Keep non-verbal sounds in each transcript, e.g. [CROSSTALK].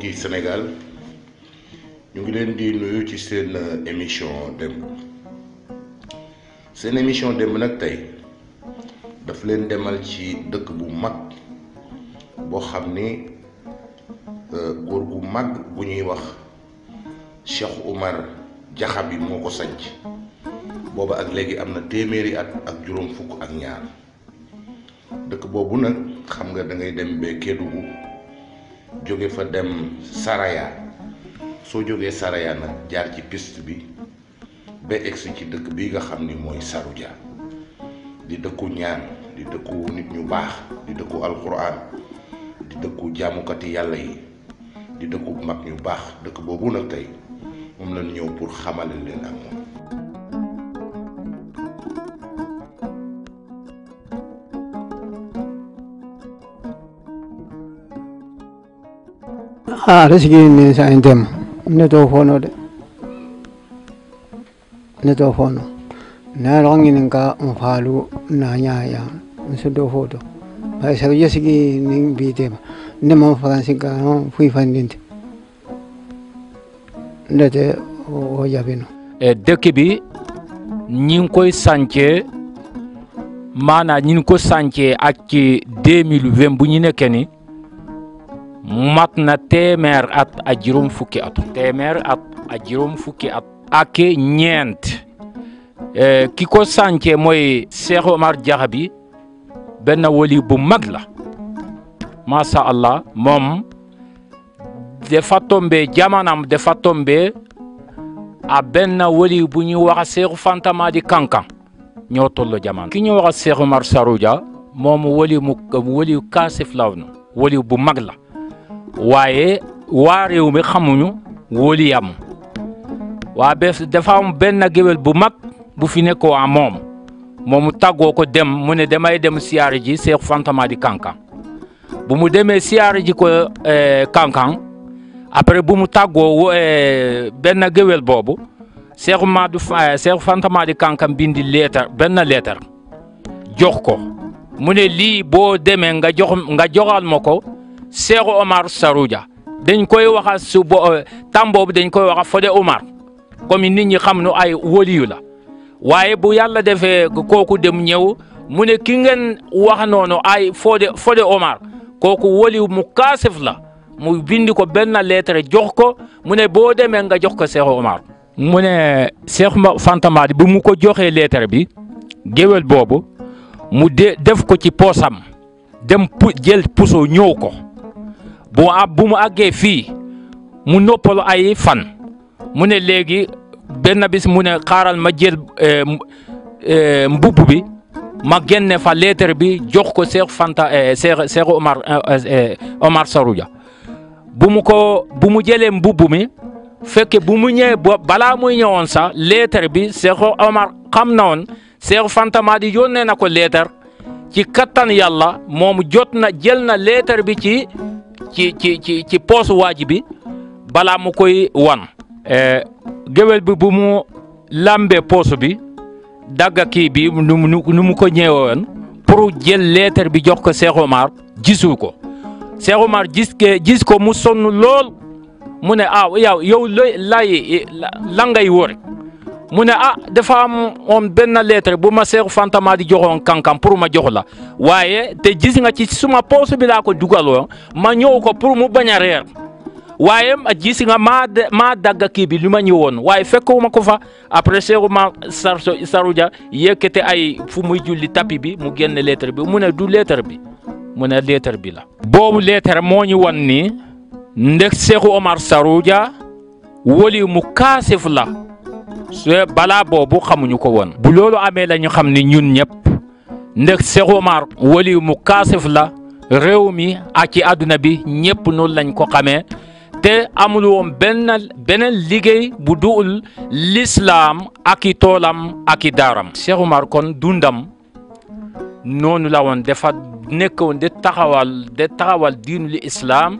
mbokk yi ñu ngi leen di nuyu ci seen euh, émission dem seen émission démb nag tey daf leen demal ci dëkk bu mag boo xam ni euh, góor gu mag bu ñuy wax Cheikh Oumar yi moo ko sanc booba ak léegi am na téeméeri at ak juróom fukk ak ñaar dëkk boobu nag xam nga dangay ngay dem ba Kédougou jóge fa dem Saraya soo jógee Saraya nag jaar ci piste bi ba egsi ci dëkk bi nga xam ni mooy Saruja di dëkku ñaan di dëkku nit ñu baax di dëkku alquran di dëkku jaamukati yàlla yi di dëkku mag ñu baax dëkk boobu nag tey moom lañ ñëw pour xamale leen ak moom አረስጌን ሳይንቴማ ነቶ ሆኖ ደ ነቶ ሆኖ ናሮኝን ካ እንፋሉ ናኛያ እንስዶ ፎቶ ባይሰብየ ስጊ ኒን ቢቴማ ነማ ፈራንሲ ጋ ፉይ ፈንዲንት እንደተ ወያቤ ነው ደክ ቢ ñinkoy sàncee maanaam ñi ngi ko sàncee ak ci 2020 bu ñu nekkee ni mat na téeméer at a juróom fukki at téeméer at a juróom fukki at ak ñeent e, ki ko sance mooy Cheikh Omar Diakhabi benn wali bu mag la macha allah moom dafa tombé jamanam dafa tombé a benn wali bu ñu wax seexu Fanta Madi Kankan ñoo tollo jamono ki ñu wax Cheikh Omar Sarouja moom wali mu wali kaasif la woon wali bu mag la. waaye waa réew mi xamuñu wóoliyam waa bees dafa am benn géwél bu mag bu fi nekkoo am moom moomu tàggoo ko dem mu ne damay dem siyaare ji Seex Fanta Madi Kankan bu mu demee siyaare ji ko eh, Kankan après bu mu tàggoo eh, benn géwél boobu Seex Madu Seex eh, Fanta Madi Kankan bindi leetar benn leetar jox ko mu lii boo demee nga jox nga joxal ma ko Seexu Omar Saroudia dañ koy waxa su bo euh, boobu dañ koy waxa Fodé Omar comme nit ñi xam nu ay waliyu la waaye bu yàlla defee kooku dem ñëw mu ne ki ngeen wax noonu ay Fodé Fodé Omar kooku waliyu mu kaasif la mu bindi ko benn lettre jox ko mu ne boo demee nga jox ko Seexu Omar mu ne Seex Fantamaadi bu mu ko joxee lettre bi géwél boobu mu de def ko ci poosam dem jël puso ñëw ko bu mu mu àggee fii mu noppalu ay fan mu ne léegi benn bis mu ne xaaral ma jël eh, eh, mbubb bi ma génne fa lettre bi jox ko Cheikh Fanta eh, Cheikh Cheikh Omar Omar Sarouja ko bu mu jëlee mbubb mi fekke bu mu ñëwee ba balaa muy ñëwoon sax lettre bi Cheikh Omar xam na woon Cheikh Fanta maa di na ko lettre ci kattan yàlla moom jot na jël na lettre bi ci. ci ci ci ci poosu waaji bi balaa mu koy wan. Eh, géwél bi bu mu lambee poosu bi dagga kii bi nu mu nu mu ko ñëwoon pour jël leetar bi jox ko Cheikh Omar gisu ko Cheikh Omar gis gis ko mu sonn lool mu ne ah yow yow lay la la ngay wóor mu ne ah dafa am on benn lettre bu ma seeru Fantama di joxoon kankam pour ma jox la waaye te gis nga ci suma poos bi laa ko dugaloo ma ñëw ko pour mu bañ a reer waaye gis nga maa maa dagg kii bi li ma ñëwoon waaye ma ko fa après seeru ma sar saruja yëkkate ay fu muy julli tapi bi mu génn lettre bi mu ne du lettre bi mu ne lettre bi la. boobu lettre moo ñu wan ni ndek Seexu Omar Saruja wali mu kaasif la. balaa boobu xamuñu ko woon bu loolu amee la xam ni ñun ñëpp ndax Cheikh Omar mu kaasif la réew mi ak àdduna bi ñëpp noonu lañ ko xamee te amul woon benn beneen liggéey bu duul lislaam ak i toolam ak daaram Cheikh kon dundam noonu lawoon woon dafa nekkoon de taxawal diinul islaam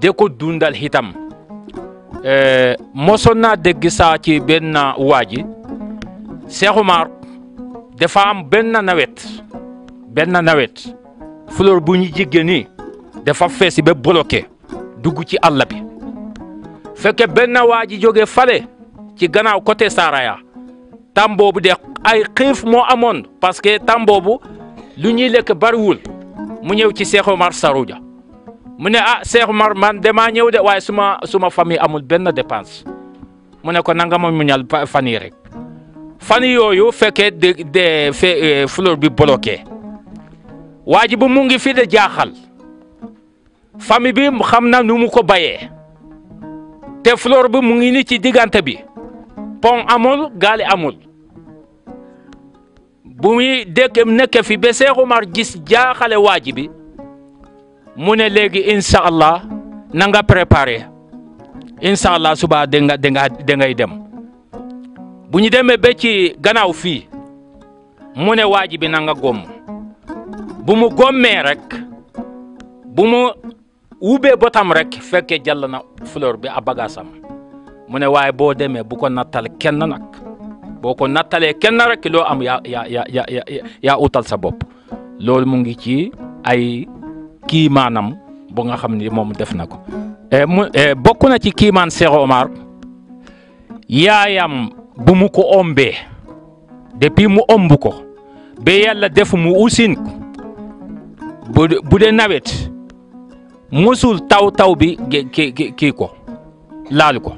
de ko dundal xitam Eh, mosoon naa dégg saa ci benn waa ji Cheikh Oumar dafa am benn nawet benn nawet fleur bu ñu jigéen ni dafa feesi ba bloqué dugg ci àll bi fekke benn waa ji jóge fale ci gannaaw côté Saraya tam boobu de ay xiif moo amoon parce que tam boobu lu ñuy lekk bariwul mu ñëw ci Cheikh Oumar Sarouja mu ne ah Cheikh Omar man damaa ñëw de waaye suma suma famille amul benn dépense mu ne ko nanga ma mu ñal fan yi rek fan yooyu fekkee de fe eh, fleur bi bloqué waa ji bu mu ngi fi de jaaxal famille bi xam na nu mu ko bayee te fleur bi mu ngi ni ci diggante bi pont amul gaali amul bu muy dëkk nekk fi ba Cheikh Omar gis jaaxale waa bi mu ne léegi incha allah nanga nga préparé incha allah suba da nga da nga dem bu ñu demee ba ci gannaaw fii mu ne waa ji bi na nga bu mu gommee rek bu mu ubbee botam rek fekkee jàll na fleur bi a bagasam mu ne waaye boo demee bu ko nattal kenn nag boo ko nattalee kenn rek loo am yaa yaa yaa yaa yaa utal sa bopp loolu mu ngi ci ay. kii maanam bu nga xam ni moom def na ko eh, mu eh, bokk na ci kiimaan Cheikh Omar yaayam bu mu ko ombee depuis mu omb ko ba yàlla def mu usin ko bu dee nawet musul taw taw bi ki kii ko laal ko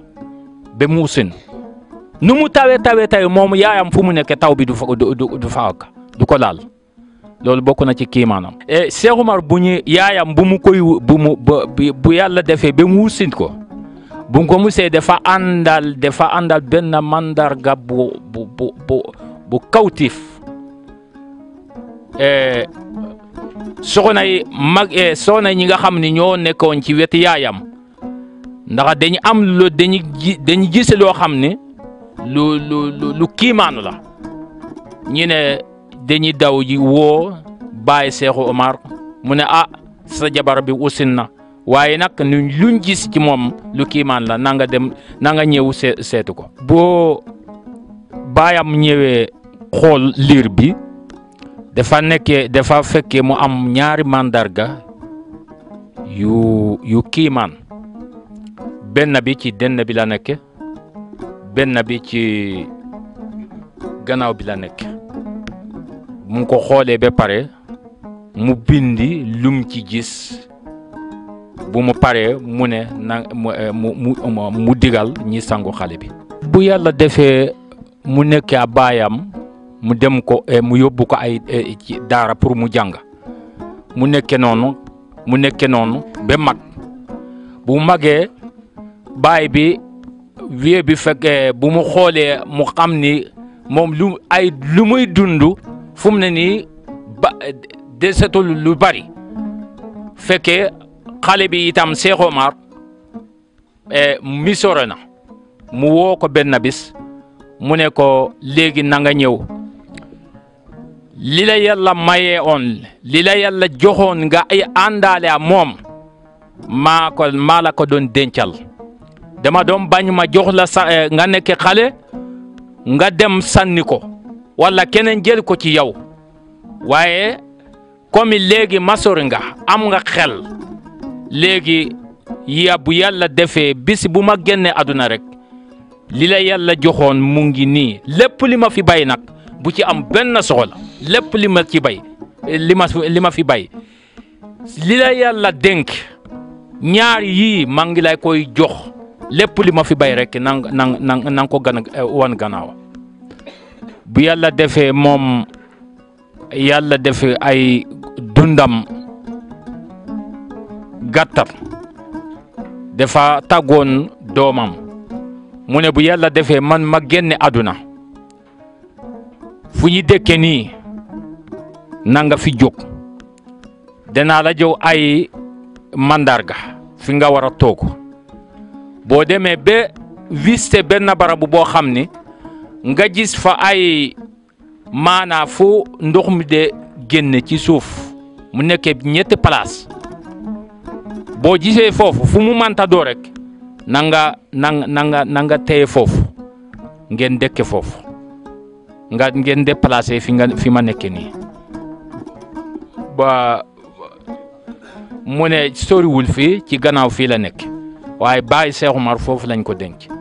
ba mu usin nu mu tawee tawee tawee moom yaayam fu mu nekk taw bi du fa fa du ko laal loolu bokk na ci kiimaanam e Cheikh bu ñu yaayam bu mu koy bu mu bu yàlla defee ba mu ko bu mu ko musee dafa àndal dafa àndal benn mandarga bu bu bu bu bu kawtif e soxna yi mag e soxna ñi nga xam ne ñoo nekkoon ci wetu yaayam ndax dañu am lu dañu dañu gis loo xam ne lu lu lu kiimaanu la ñu ne dañuy daw ji woo bàyyi Seexu Omar mu ne a ah, sa jabar bi usin na waaye nag nu luñ gis ci moom lu kiimaan la na nga dem ñëw seetu ko boo baayam ñëwee xool liir bi dafa nekkee dafa fekke mu am ñaari mandarga yu yu kiimaan benn bi ci denn bi la nekk benn bi ci gannaaw bi la nekk mu ko xoolee ba pare mu bindi lum ci gis bu mu paree mu ne na mu eh, mu mu digal ñi sangu xale bi bu yàlla defee mu nekk a baayam mu dem ko eh, mu yóbbu ko ay eh, ci daara pour mu jàng mu nekke noonu mu nekke noonu ba mag bu magee baay bi wee bi fekkee bu mu xoolee mu xam ni moom lu ay lu muy dund fu mu ne nii ba desetul lu bari fekkee xale bi itam Cheikh Omar e, misore na mu woo ko benn bis mu ne ko léegi na nga ñëw li la yàlla mayee oon la yàlla joxoon nga ay àndaale a moom maa ko maa la ko doon dencal dama doon bañ ma jox la sa e, nga nekk xale nga dem sànni ko wala keneen jël ko ci yow waaye comme léegi masor nga am nga xel léegi ya bu yàlla defee bis bu ma génnee aduna rek li la yàlla joxoon mu ngi nii lépp li ma fi bay nag bu ci am benn soxla lépp li ma ci bay li li ma fi bay li la yàlla dénk ñaar yii maa ngi lay koy jox lépp li ma fi bay rek nang nang nang ko gan eh, wan gannaaw bu yàlla defee moom yàlla defee ay dundam gàttal dafa tàggoon doomam mu ne bu yàlla defee man ma génne àdduna fu ñu dëkke nii nanga fi jóg danaa la jow ay mandarga fi nga war a toog boo demee ba visité benn barabu boo xam ni nga gis fa ay maanaa fu ndox mi de génn ci suuf mu nekkee ñetti place boo gisee foofu fu mu manta doo rek nanga nga na nga na foofu ngeen dëkke foofu nga ngeen déplacé fi nga fi ma nekke nii ba mu ne soriwul fii ci gannaaw fii la nekk waaye Baye Cheikh Omar foofu lañ ko denc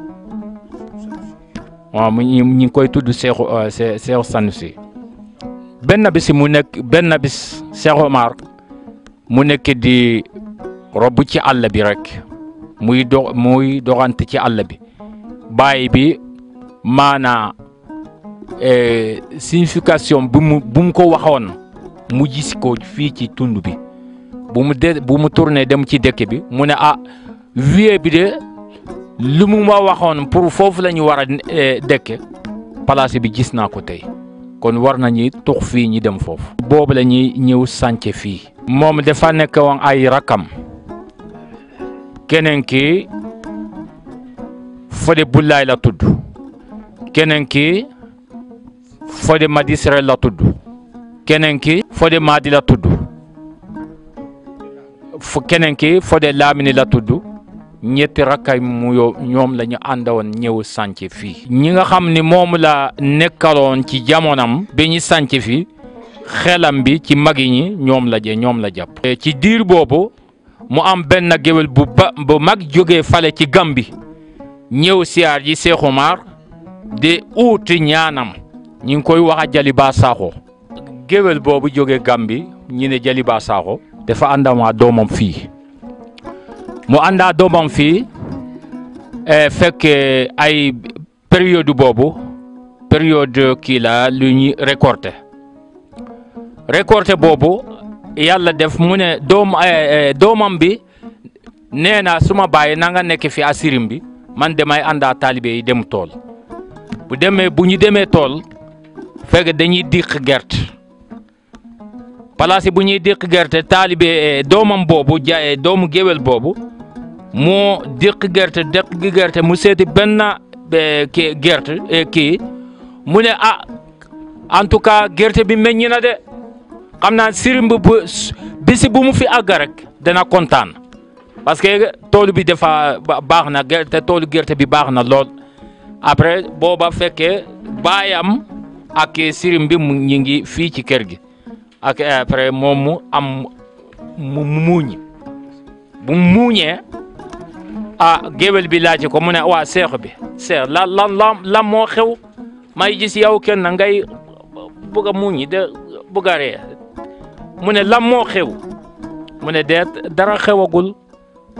waaw mu ñu ngi koy tudd Seexu Seexu Sanusi benn bis mu nekk benn bis Seexu Omar mu nekk di robb ci àll bi rek muy dox muy doxante ci àll bi baay bi maanaa euh, signification bu mu bu mu ko waxoon mu gis ko fii ci tund bi bu mu de bu dem ci dëkk bi mu ne a ah, wiye bi de. lu mu ma waxoon pour foofu la ñu war a eh, dëkk place bi gis naa ko tey kon war nañu tux fii ñi dem foofu. boobu la ñuy ñëw sànce fii. moom dafa nekk woon ay rakam keneen ki Fodé Boulaye la tudd keneen ki Fodé Madi Sere la tudd keneen ki Fodé Madi la tudd keneen ki Fodé Lamine la tudd. ñetti rakkaay mu ñoom la ñu àndawoon ñëw sànc fii ñi nga xam ni moom la nekkaloon ci jamonam bi ñu sànc fi xelam bi ci mag yi ñi ñoom la je ñoom la jàpp eh, ci diir boobu mu am benn géwél bu bu mag jóge fale ci Gàmbi ñëw siyaar ji Seex Umar de uuti ñaanam ñi ngi koy wax a Jalibaa Saaxo géwél boobu jógee Gàmbi ñi ne Jalibaa Saaxo dafa àndamaa doomam fii mu àndaa doomam fii e, fekk ay période boobu période kii la lu ñuy récolter récolter boobu yàlla def mu ne doom e, e, doomam bi nee na suma baay nanga nga nekk fi asirim bi man demay àndaa taalibe yi dem tool bu demee bu ñu demee tool fekk dañuy diq gerte place bu ñuy diq gerte taalibe doomam boobu jaay doomu géwél boobu mu déq gerte déq gi gerte mu seeti benn kii gerte e, kii mu ne ah en tout cas gerte bi meññ na de xam naa sirim bu bisi bu mu fi àgg rek dana kontaan parce que tool bi defa baax na gerte toolu gerte bi baax na lool après booba fekkee baayam ak sirim bi mu ñu ngi fii ci kër gi ak après moom mu am mu muuñ bu mu ah géwél bi laaj ko mu ne waa seex bi seex la lan lan lan moo xew may gis yow kenn ngay bugg a muñi de bugg a mu ne lan moo xew mu ne deet dara xewagul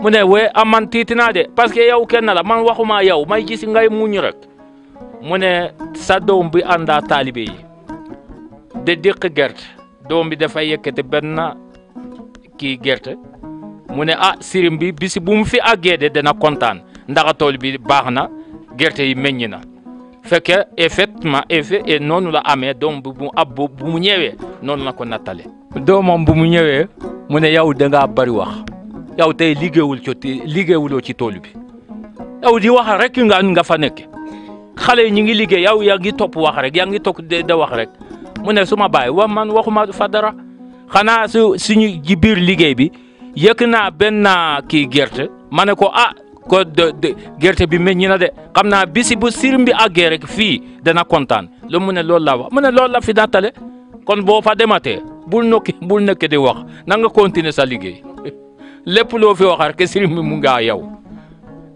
mu ne we aman ah, tiiti naa de parce que yow kenn la man waxuma yow may gis ngay muñ rek mu ne sa doom bi àndaa taalibe yi de déq gerte doom bi dafay yëkkati benn kii gerte mu ne ah sirim bi bisi bu mu fi àggee de dana kontaan ndax tool bi baax na gerte yi meññ na fekke effectivement effet et noonu la amee doom bu mu ab bu mu ñëwee noonu la ko nattale dooma bu mu ñëwee mu ne yow da bari bëri wax yow tey liggéeyul ci liggéeyuloo ci tool bi yow di wax rek nga nga fa nekk xale yi ñu ngi liggéey yow yaa ngi topp wax rek yaa ngi toog da wax rek mu ne su ma wa man waxuma fa dara xanaa su suñu ci biir liggéey bi yëkk na benn kii gerte ma ne ko ah ko gerte bi meññ na de xam naa bisi bu sirim bi àggee rek fii dana kontaan lu mu ne loolu laa wax mu ne loolu la fi nattale kon boo fa dematee bul nokki bul nekk di wax na nga continuer sa liggéey [LAUGHS] lépp loo fi wax rek sirim bi mu nga yow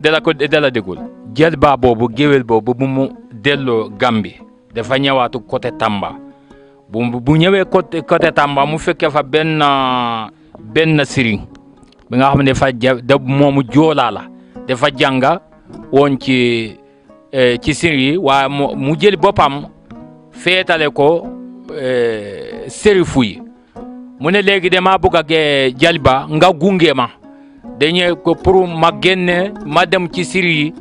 dala ko dala dégul jël baa boobu géwél boobu bu mu delloo Gàmbi dafa ñëwaatu côté Tamba bu bu ñëwee côté côté Tamba mu fekkee fa benn benn sëriñ bi nga xam ne dafa da moomu joolaa la dafa jànga woon ci eh, ci sëriñ waaye mu jël boppam feetale ko eh, sërifu yi mu ne léegi dama bëgg a jalba nga gunge ma dañee ko pour ma génne ma dem ci sëriñ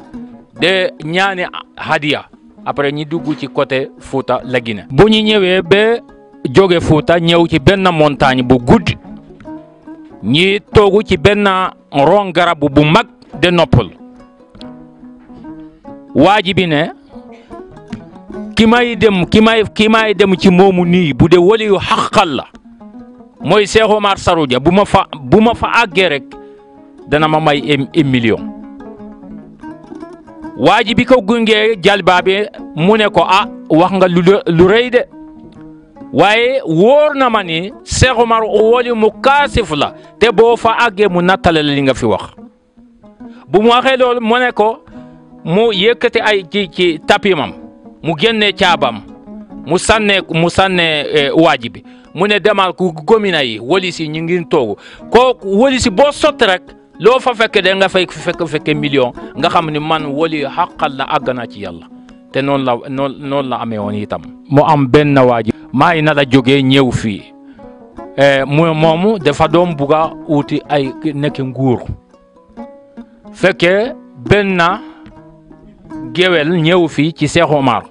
de ñaane hadiya après ñi dugg ci côté Fouta la Guinée bu ñu ñëwee ba jóge Fouta ñëw ci benn montagne bu gudd ñi toogu ci benn ron garab bu mag de noppal waa bi ne ki may dem ki may ki may dem ci moomu nii bu dee wali yu xaqal la mooy Cheikh Omar bu ma fa bu ma fa àggee rek dana ma may un million waa ko gungee jalbaa mu ne ko ah wax nga lu lu de waaye wóor na ma ni Cheikh Omar woli mu kaasif la te boo fa àggee mu nattale li nga fi wax bu mu waxee loolu mu ne ko mu yëkkati ay ci ci tapimam mu génnee caabam mu sànnee mu sànnee eh, waaji bi mu ne demal ku gomina yi woli si ñu ngi toogu ko woli si boo sotti rek loo fa fekke de nga fay fekk fekke million nga xam ni man woli xaqal la àgg naa ci yàlla te noonu la noonu la amee woon itam mu am benn waaj ji maa ngi nar a jógee ñëw fii eh, mu moomu dafa doon bugg wuti ay nekk nguur fekke benn géwél ñëw fii ci Cheikh Omar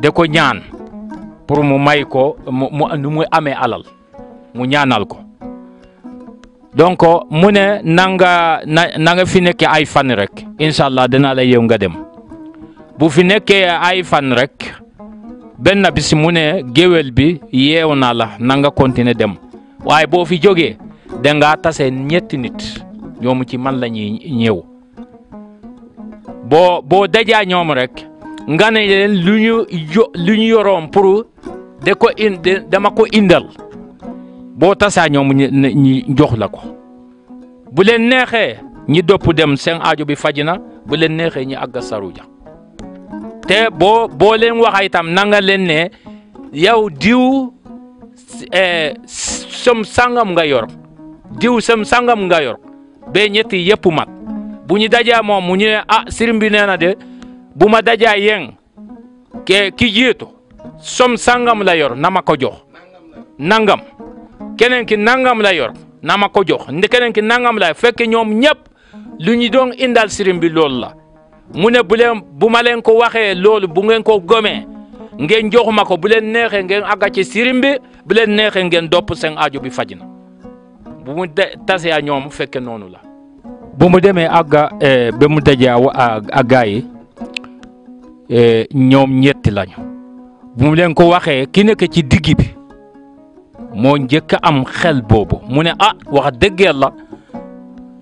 da ko ñaan pour mu may ko mu mu mu amee alal mu ñaanal ko donc mu ne na na nga fi nekke ay fan rek incha allah danaa la yeew nga dem bu fi nekkee ay fan rek. benn bis mu ne géwél bi yeew naa la nanga nga dem waaye boo fi jógee dangaa tase ñetti nit ñoomu ci man la ñuy ñëw boo boo dajaa ñoom rek nga ne leen lu ñu yoroom ñu pour de ko dama ko indal boo tasaa ñoom ñi jox la ko bu leen neexee ñi dopp dem seen aajo bi faj na bu leen neexee ñi àgg saruja te boo boo leen itam nanga leen ne yow diw eh, sëm sangam nga yor diw sem sangam nga yor ba ñetti yëpp mat bu ñu dajaa moom mu ñu ne ah sëriñ bi nee na de bu ma dajaa yéen ke ki jiitu som sangam la yor na ma ko jox nangam keneen ki nangam la yor na ma ko jox keneen ki nangam lay fekk ñoom ñëpp lu ñu doon indal sëriñ bi loolu la. mu ne bu leen bu ma leen ko waxee loolu bu ngeen ko gomee ngeen jox ko bu leen neexee ngeen àgga ci bi bu leen neexee ngeen dopp seen aajo bi faj na bu mu tasee a ñoom fekke noonu la. bu mu demee àgga e, ba mu dajee ak gaa yi e, ñoom ñetti lañu bu mu leen ko waxee ki nekk ci digg bi moo njëkk am xel boobu mu ne a ah, wax dëgg yàlla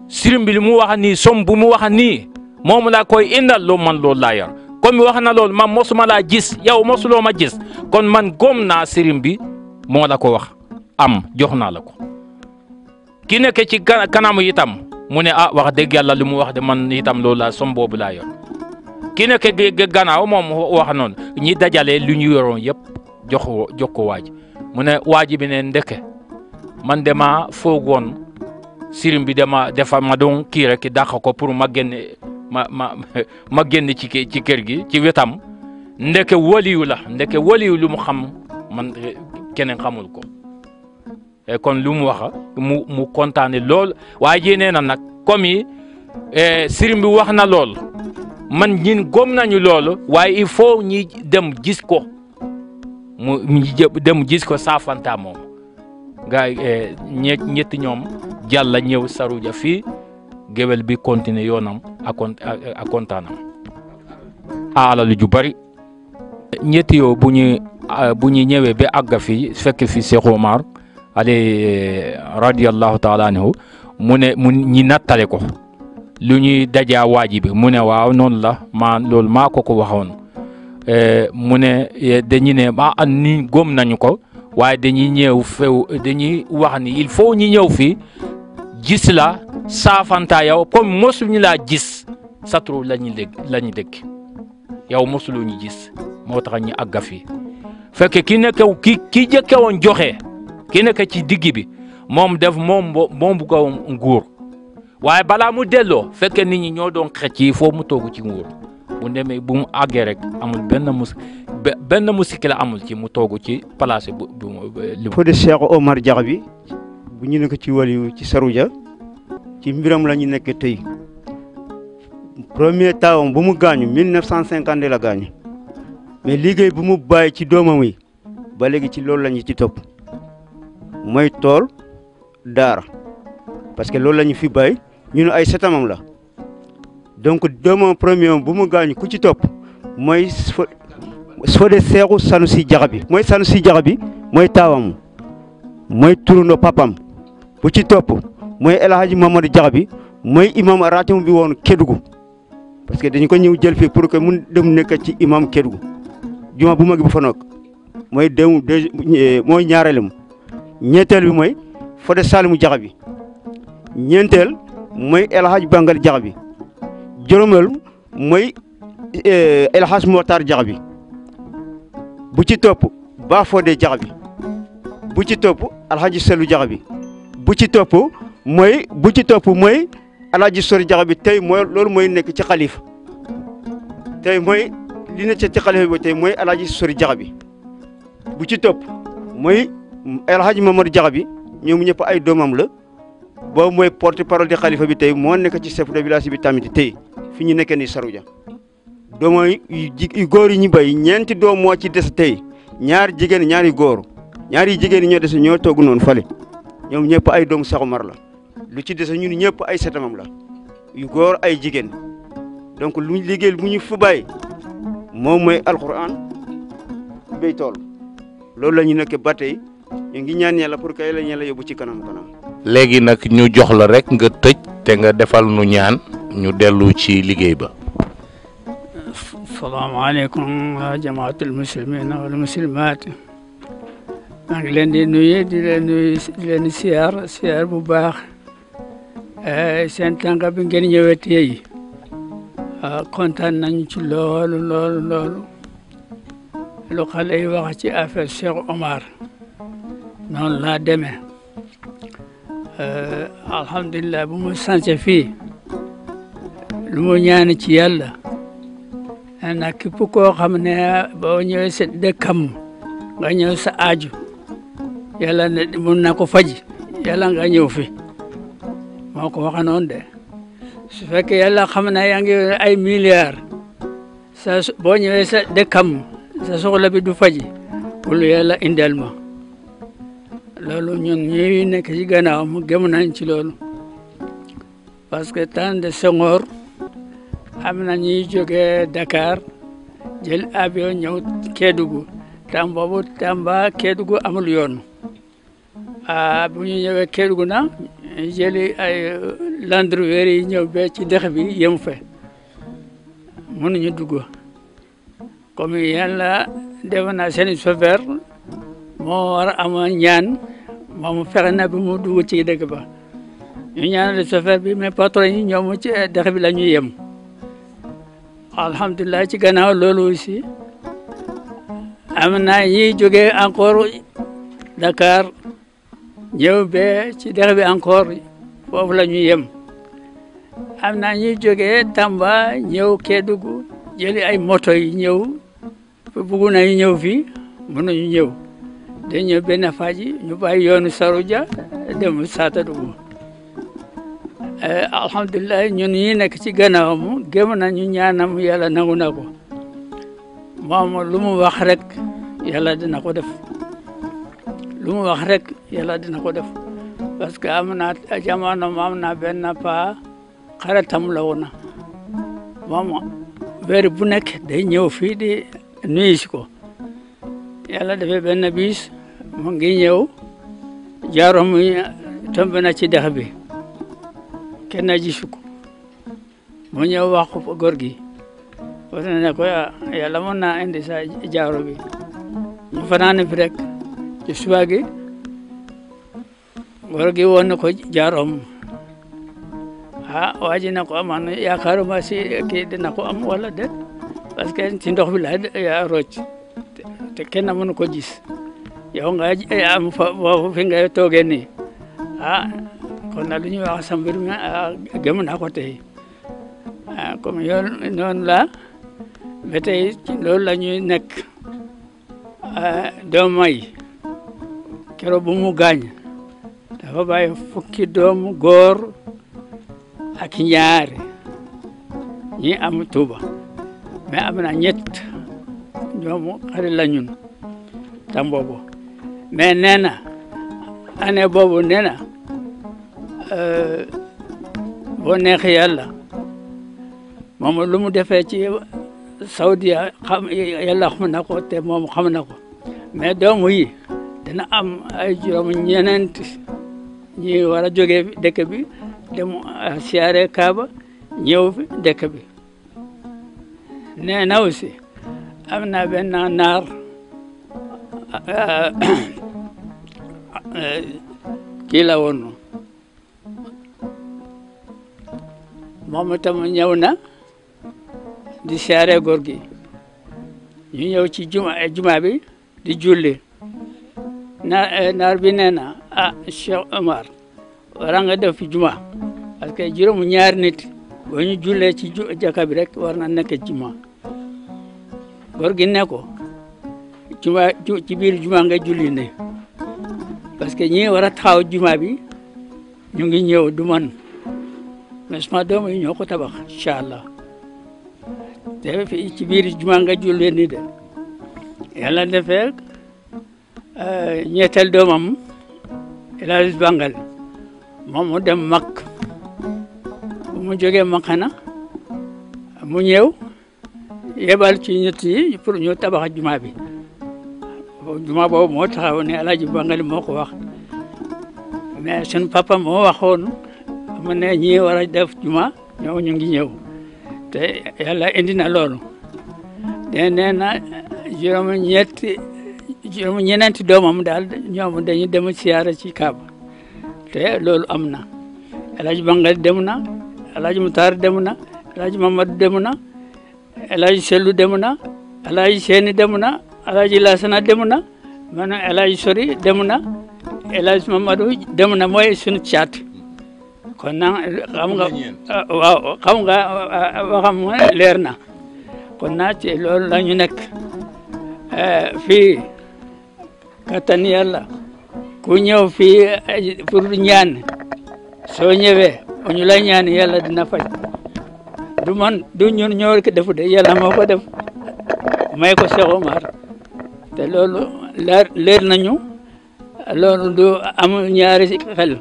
sirim bi li mu wax nii som bu mu wax nii. moom laa koy indal lu man loolu laa yar comme wax na loolu man mosuma laa gis yow mosuloo ma gis kon man góom naa sëriñ bi moo la ko wax am jox naa la ko ki nekk ci kanamu itam mu ne ah wax dëgg yàlla lu mu wax de man itam loolu laa som boobu laa yor ki nekk gannaaw moom wax noonu ñi dajale lu ñu yoroon yëpp jox ko jox ko waaj mu ne waaj bi ne ndeke man dama foogoon sëriñ bi dama defa ma doon kii rek dàq ko pour ma génne ma ma ma génn ci ci kër gi ci wetam ndeke waliyu la ndeke waliyu lu mu xam man eh, keneen xamul ko eh, kon lu mu wax mu mu kontaane lool waaye ji nee na nag comme yi eh, sëriñ bi wax na lool man ñin gom nañu loolu waaye il faut ñi dem gis ko mu dem gis ko saafanta moom nga ñetti ñoom jàlla ñëw saruja fii géwél bi continuer yoonam ak ak kontaanam alal ju bari ñetti yow bu ñu bu ñu ñëwee ba àgg fii fekk fi Cheikh Omar ale eh, radiyallahu taala anhu mu ne mu ñi nattale ko lu ñuy dajaa waaji bi mu ne waaw noonu la maa loolu maa ko ko waxoon eh, mu ne eh, dañu ne maa an ni góom nañu ko waaye dañuy ñëw few dañuy wax ni il faut ñu ñëw fii gis saafanta yow comme mosuñu laa gis sa la ñuy dégg la ñuy dégg yow mosulu ñu gis moo tax ñu àgga fi fekk ki nekk ki kii jëkke woon joxe ki nekk ci digg bi moom def moom moom bu ko nguur waaye balaa mu delloo fekke nit ñi ñoo doon ci yi foo mu toogu ci nguur mu demee bu mu àggee rek amul benn mus benn musique la amul ci mu toogu ci place bu bu. Fodé Cheikh Omar Diakhaby bu ñu ne ko ci wàllu ci Sarouja. ci mbiram la ñu nekk tey premier taawam bu mu gaañu 1950 la gaañu mais liggéey bu mu bàyyi ci doomam yi ba léegi ci loolu la ñu ci topp mooy tool daara parce que loolu la ñu fi bàyyi ñu ne ay setamam la donc doomam premier bu mu gaañu ku ci topp mooy Sodé Seexu Sanusi Jaxabi mooy Sanusi Jaxabi mooy taawam mooy turundo papam bu ci topp. mooy El Hadj Mamadou Dia bi mooy imam ratim bi woon Kédougou parce que dañu ko ñëw jël fii pour que mun dem nekk ci imam Kédougou juma bu mag bu fa nokk mooy dem deux mooy ñaareelam ñeenteel bi mooy Fodé Salimu Dia bi ñeenteel mooy El Hadj Bangal Dia bi mooy eh, El Hadj Motar Dia bi bu ci topp Ba Fodé Dia bi bu ci topp Alhaji Selou Dia bi bu ci topp. mooy bu ci topp mooy alaaji sori jaxa bi tey mooy loolu mooy nekk ci xalifa tey mooy li nekk ci xalifa bi tey mooy alaaji sori jaxa bi bu ci topp mooy alaaji mamar jaxa bi ñoom ñëpp ay doomam la boo moy porte parole de xalifa bi tey moo nekk ci chef de village bi tamit tey fi ñu nekkee ni saruja doomo yu góor yi ñu béy ñeenti doom moo ci des tey ñaar jigéen ñaari góor ñaari jigéen ñoo des ñoo toogu noonu fale ñoom ñëpp ay doomu saxu Omar la lu ci dese ñun ñëpp ay setamam la yu góor ay jigéen donc lu liggéey bu ñu fa moom mooy alxuraan béy tool loolu la ñu nekk ba tey ñu ngi ñaan yàlla pour que yàlla ñu la yóbbu ci kanam kanam. léegi nag ñu jox la rek nga tëj te nga defal nu ñaan ñu dellu ci liggéey ba. salaamaaleykum wa jamaatul muslimina wal muslimaat ngi leen di nuyu di leen nuyu di leen siyaar siyaar bu baax. Eh, seen tànga bi ngeen ñëwee tey ah, kontaan nañu ci loolu loolu loolu lu xale yi ci affaire Cheikh Omar noonu laa deme eh, alhamdulilah bu ma sance fii lu mu ñaan ci yàlla nag képp koo xam ne boo ñëwee sa dëkkam nga ñëw sa aaju yàlla ne mun na ko faj yàlla nga ñëw fi moo ko de su fekkee yàlla xam na yaa ay milliards sa boo ñëwee sa dëkkam sa soxla bi du faji wala yàlla indel ma loolu ñun ñuy nekk ci gannaaw mu gëm nañ ci loolu parce que temps de Senghor am na ñuy jógee Dakar jël avion ñëw Kédougou temps boobu Tamba Kédougou amul yoon Ah, bu ñu ñëwee Kédougou jëli ay euh, Land Rover yi ñëw ba ci dex bi yemu fe mënuñu dugg comme yàlla def na seen chauffeur moo war a amoon ñaan moom fexe na bi mu dugg ci dëkk ba ñu ñaanal chauffeur bi mais patron yi ñoom ci dex bi la ñuy yem alhamdulilah ci gannaaw loolu aussi am na ñiy jógee encore Dakar. ñëw be ci dex bi encore foofu la ñuy yem am na ñu jógee Tamba ñëw Kédougou jëli ay moto yi ñëw bugg nañu ñëw fii mënuñu ñëw dañ ñëw benn faji ñu bàyyi yoonu Saroudia dem Satadougou eh, alhamdulilah ñun ñi nekk ci gannaawam gëm nañu ñaanam yàlla nangu na ko moom lu mu wax rek yàlla dina ko def lu mu wax rek yàlla dina ko def parce que am naa jamono am naa benn paa xaritam la woon moom weer bu nekk day ñëw fii di nuyu si ko yàlla defee benn bis mu ngi ñëw jaaro muy tomb na ci dex bi kenn gisu ko mu ñëw wax ko góor gi wax na ne ko ah, yàlla mën naa indi sa jaaro bi ñu fanaan fi rek ci suba gi gi woon na ko jaarom ah waa na ko amaan yaakaaruma si kii dina ko am wala déet parce ci ndox bi laa yaa rocc te kenn mënu ko gis yow nga eh, am foofu fi nga toogee nii ah kon nag lu ñuy wax sa mbir mi ah, gëm naa ko tey ah comme yoon noonu la ba ci loolu ñuy nekk ah, doo may keroog bu mu gaañ dafa bàyyi fukki doomu góor ak ñaari ñi am tuuba mais am na ñett doomu xarit la tam boobu mais nee na année boobu nee euh, boo neex yàlla moom lu mu defee ci Saudia xam yàlla xam na ko te moom xam na ko mais doomu yi dina am ay juróom ñeneent ñi war a jógee dëkk bi dem euh, siyaare Kaaba ñëw fi bi nee na am na benn naar euh, [COUGHS] kii la woon moom itam ñëw na di siyaare góor gi ñu ñëw ci juma juma bi di julli naa naar bi nee na eh, ah Cheikh Omar war nga def juma parce que juróom ñaari nit boo ñu jullee ci jàkka bi rek war na nekk juma góor gi ci biir juma nga julli ne parce que ñi war a taxaw juma bi ñu ngi ñëw du man mais sama doom yi ñoo ko tabax incha allah te ci biir juma nga jullee ni de yàlla defee Euh, ñetteel doomam El Hadj Bangal moom dem mag bu mu jógee Makkana mu ñëw yebal ci ñett yi ñu tabax juma bi juma boobu moo taxaw ne El Hadj moo ko wax mais seen papa moo waxoon mu ne ñi war a def juma ñoo ñu ngi ñëw te yàlla indi na loolu te nee na ñetti ñeneenti doomam daal ñoom dañu dem siyaara ci Kaaba te loolu am na El Hadj Bangal dem na El Hadj Moutar na El Hadj demu na El Hadj Sellou dem na El Hadj Seyni dem na El Hadj Lassana dem na man El Hadj Sori dem na El Hadj Mamadou na mooy suñu caat kon nag xam nga waaw xam leer na kon naa ci loolu la ñu nekk eh, fii kattan yàlla ku ñëw fii eh, pour ñaan soo ñëwee ñu la ñaan yàlla dina faj du man du ñun ñoo ko defu de yàlla moo ko def may ko Cheikh Omar te loolu leer leer nañu loolu du am ñaari xel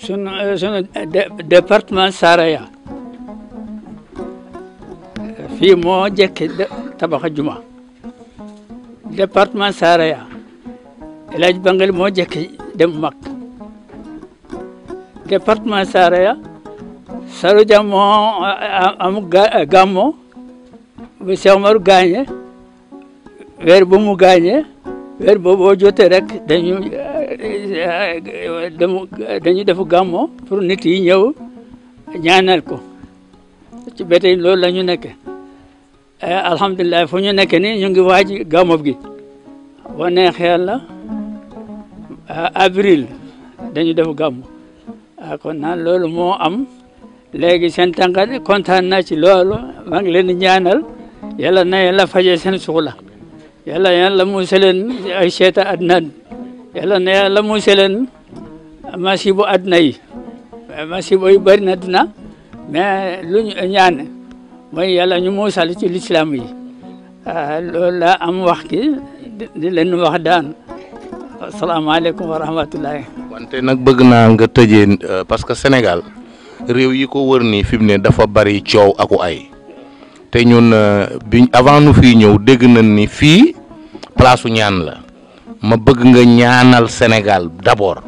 sunu euh, sunu euh, département Saraya fii moo jekki tabaxa juma département Saraya El Hadj Bangal moo jëkki dem mag département Saraya Saroudia moo am gàmmo bu Cheikh Omar gaañe weer bu mu gaañe weer booboo jotee rek dañu dañu defu gàmmo pour nit yi ñëw ñaanal ko ci bétey ñu nekke Eh, alhamdulilah fu ñu nekk ni ñu ngi waaj gàmmu gi boo neexee la eh, avril dañu def gàmmu ah, kon naan loolu moo am léegi seen tànqal kontaan naa ci loolu maa ngi leen di ñaanal yàlla na yàlla faje seen soxla yàlla yàlla muuse leen ay seeta adnan yàlla na yàlla muuse leen masibu adna yi eh, masibu yi bëri na dina mais luñ ñaan mooy yàlla ñu muusal ci lislaam yi ah, loolu laa am wax ki di leen wax daan asalaamaaleykum wa rahmatullahi wante nag bëgg naa nga tëje euh, parce que senegal réew yi ko wër nii fi ne dafa bari coow aku ay te ñun euh, bi avant nu fii ñëw dégg na ni fii place ñaan la ma bëgg nga ñaanal Sénégal d'abord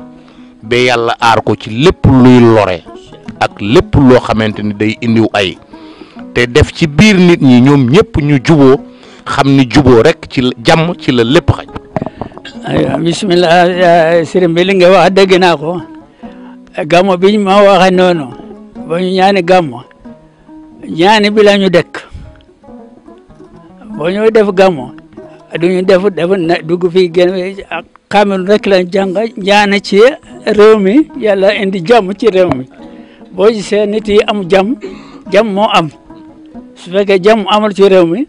ba yàlla aar ko ci lépp luy lore ak lépp loo xamante ni day indiw ay te def ci biir nit ñi ñoom ñëpp ñu juboo xam ni juboo rek ci jàmm ci la lépp xaj. aywa bisimilah sëriñ bi li nga wax dégg naa ko gàmmo bi ñu ma waxee noonu ba ñu ñaani gàmmo ñaani bi la ñu dek boo ñëwee def gàmmo du ñu def def na dugg fii génn xamul rek la jàng ñaan ci réew mi yàlla indi jàmm ci réew boo gisee nit yi am jàmm jàmm moo am. su fekkee jàmm amul ci réew mi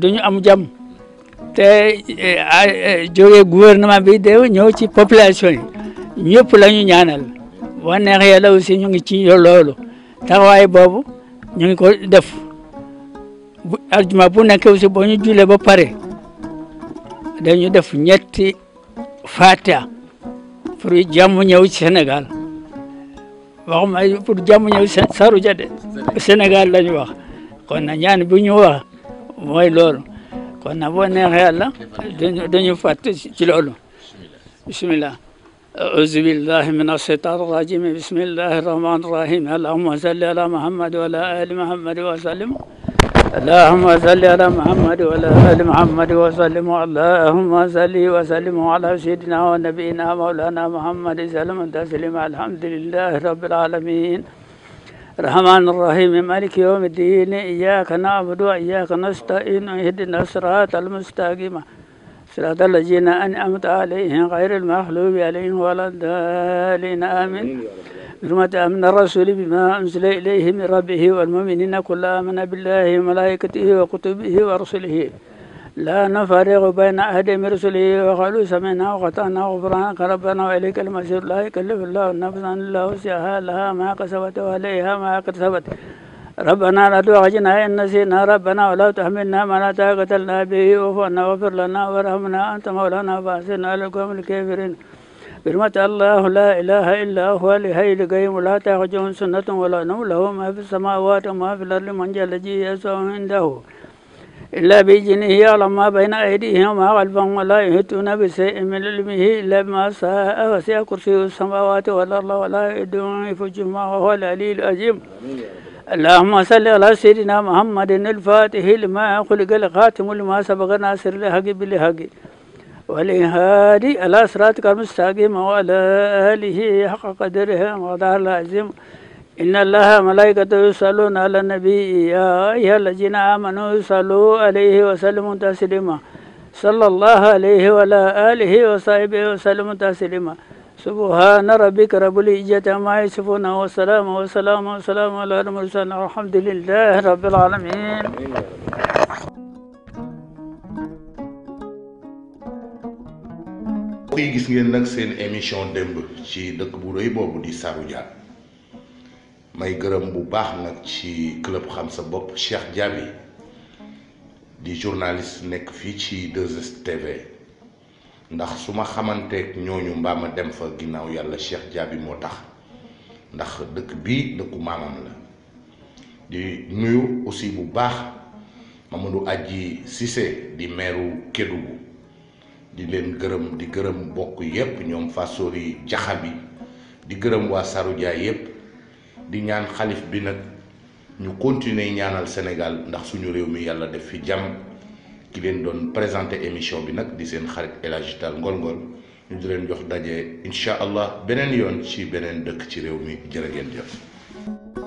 duñu amu jàmm te e, e, jógee gouvernement bi de ñëw ci population yi ñëpp la ñu ñaanal wa neex yàlla aussi ñu ngi ci loolu taxawaay boobu ñu ngi ko def bu aljuma bu nekk aussi boo ñu julee ba pare dañu def ñetti fatiha pour jàmm ñëw ci Sénégal waxuma pour jàmm ñëw saru jade senegal la ñu wax kon na ñaan bu ñu wax mooy loolu kon na boo neexee yàlla dañu fàtt ci loolu bismillah أعوذ بالله من الشيطان الرجيم بسم الله الرحمن الرحيم اللهم صل على محمد وعلى آل محمد وسلم اللهم صل على محمد وعلى آل محمد وسلم اللهم صل وسلم على سيدنا ونبينا مولانا محمد سلم تسليما الحمد لله رب العالمين الرحمن الرحيم مالك يوم الدين إياك نعبد وإياك نستعين اهدنا الصراط المستقيم صراط الذين أنعمت عليهم غير المغلوب عليهم ولا الضالين آمين برمة أمن الرسول بما أنزل إليه من ربه والمؤمنين كل آمن بالله وملائكته وكتبه ورسله لا نفرق بين أحد من رسله وقالوا سمعنا وأطعنا غفرانك ربنا وإليك المصير لا يكلف الله نفسا إلا وسعها لها ما كسبت وعليها ما اكتسبت ربنا لا تؤاخذنا إن نسينا ربنا ولا تحملنا ما لا طاقة لنا به واعف عنا واغفر لنا وارحمنا أنت مولانا فأحسن على القوم الكافرين برمت الله لا إله إلا هو الحي القيوم لا تأخذه سنة ولا نوم له ما في السماوات وما في الأرض من جل يسوع عنده إلا بإذنه يعلم ما بين أيديهم وما خلفهم ولا يحيطون بشيء من علمه إلا بما شاء وسع كرسيه السماوات والأرض ولا يؤوده حفظهما وهو العلي العظيم اللهم صل على سيدنا محمد الفاتح لما خلق الخاتم لما سبق ناصر الحق بالحق والهادي على صراطك المستقيم وعلى آله حق قدره وقدر العظيم إن الله ملائكته يصلون على النبي يا أيها الذين آمنوا صلوا عليه وسلموا تسليما صلى الله عليه وعلى آله وصحبه وسلم تسليما سبحان ربك رب العزة عما يصفون وسلام وسلام وسلام على المرسلين والحمد لله رب العالمين mbokk yi gis ngeen nag seen émission démb ci dëkk bu rëy boobu di Saroudia may gërëm bu baax nag ci club xam sa bopp Cheikh Diaby di journaliste nekk fii ci 2 ndax su ma xamanteek ñooñu mbaa a dem fa ginnaaw yàlla Cheikh Diaby moo tax ndax dëkk bii dëkku maamam la di nuyu aussi bu baax Mamadou Adji Cissé di meeru Kédougou di leen gërëm di gërëm bokk yépp ñoom jaxa Jaxabi di gërëm waa Saroudia yépp di ñaan xalif bi nag ñu continuer ñaanal Sénégal ndax suñu réew mi yàlla def fi jàmm ki leen doon présenter émission bi nag di seen xarit El Hadji Tall Ngol Ngol ñu di leen jox daje incha allah beneen yoon ci beneen dëkk ci réew mi jërë ngeen jëf.